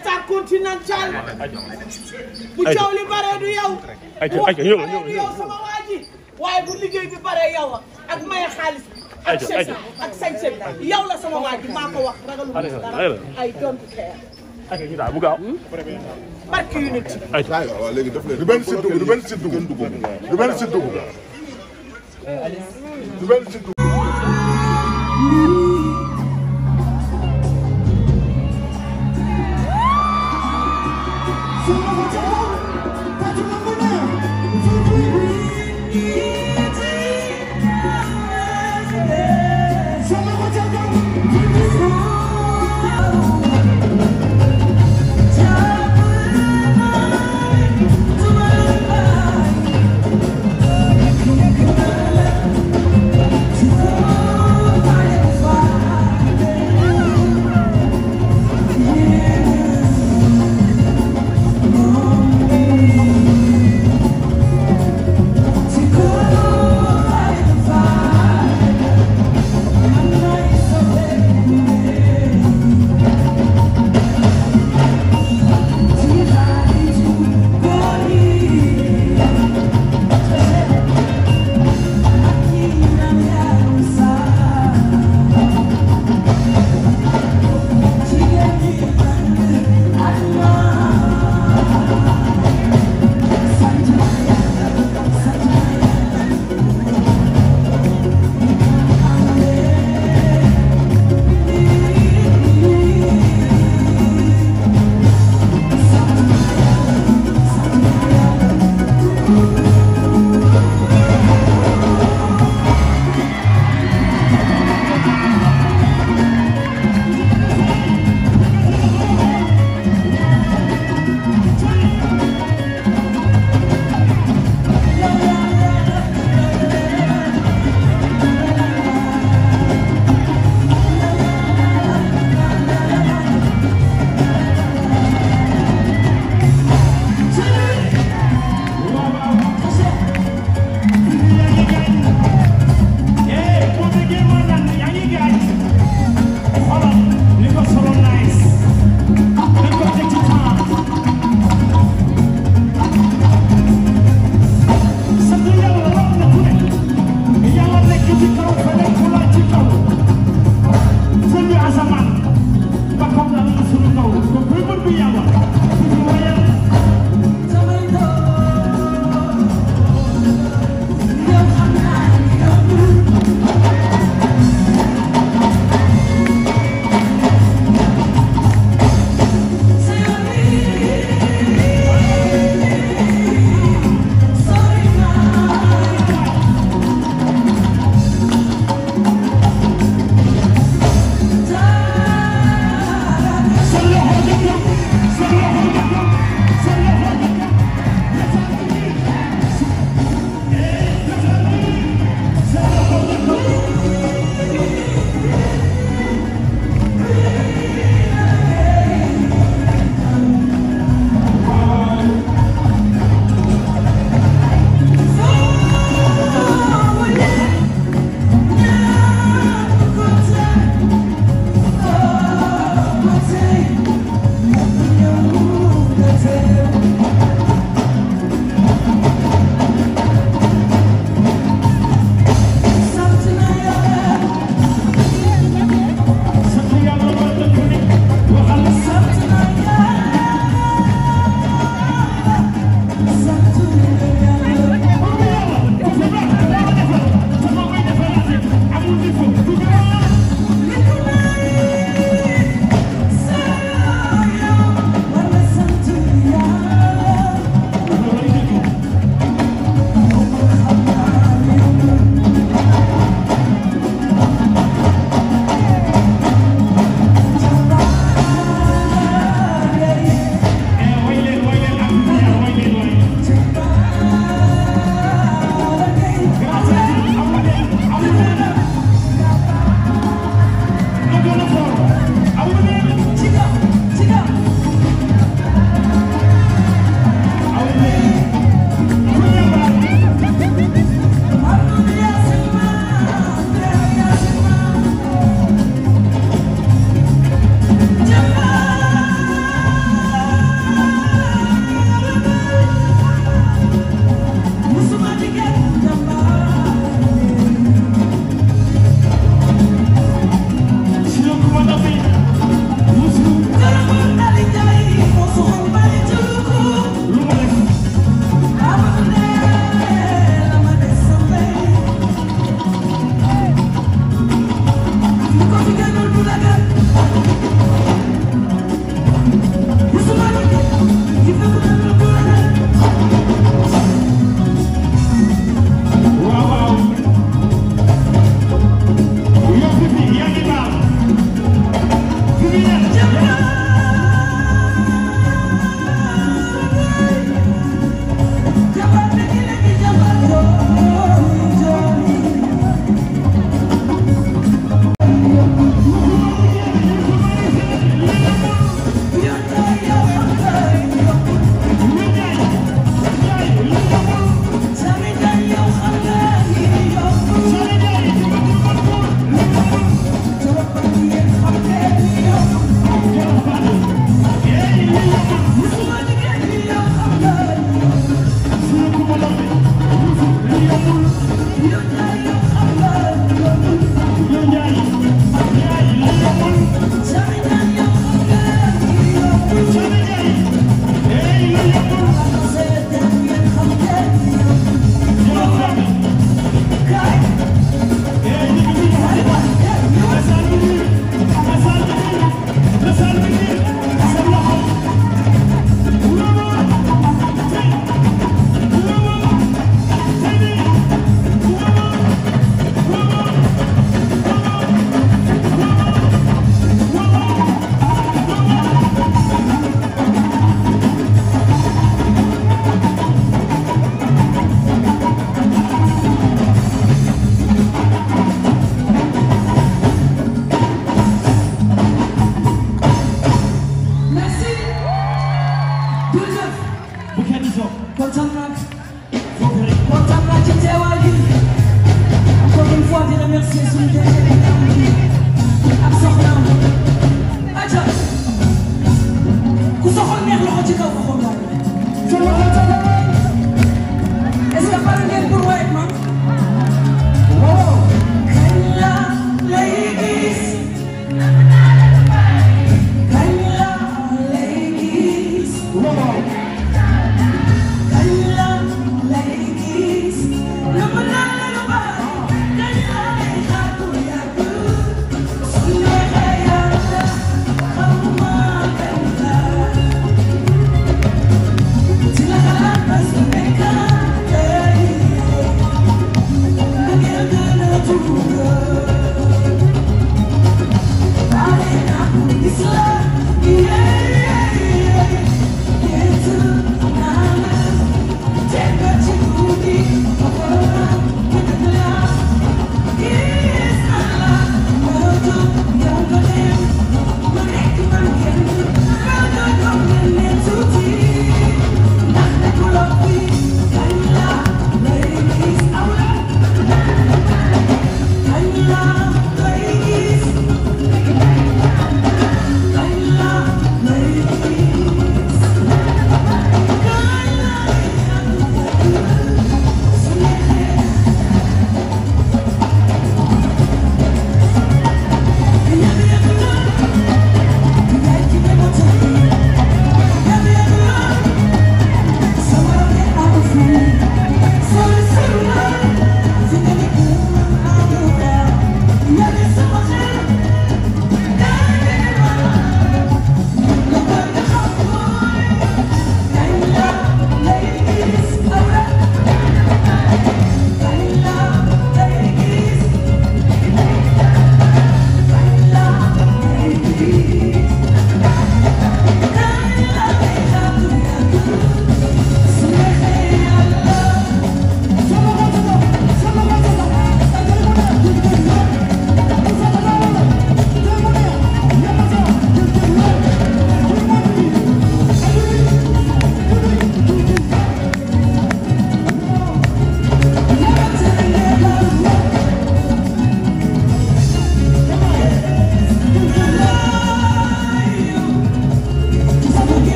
Star Continental bu coow li baree du yow bu baree du yow sama waa ji waaye bu bi baree yow a ak maye xaalis ak sañ ak sañse la sama waa ji maa ko wax ragalu dara ay don't care ayca ñu daal bu gaaw. barke yu nit. ayca waaw léegi daf leen. du benn si dugub du benn si dugub. du benn si dugub. Eh, du benn si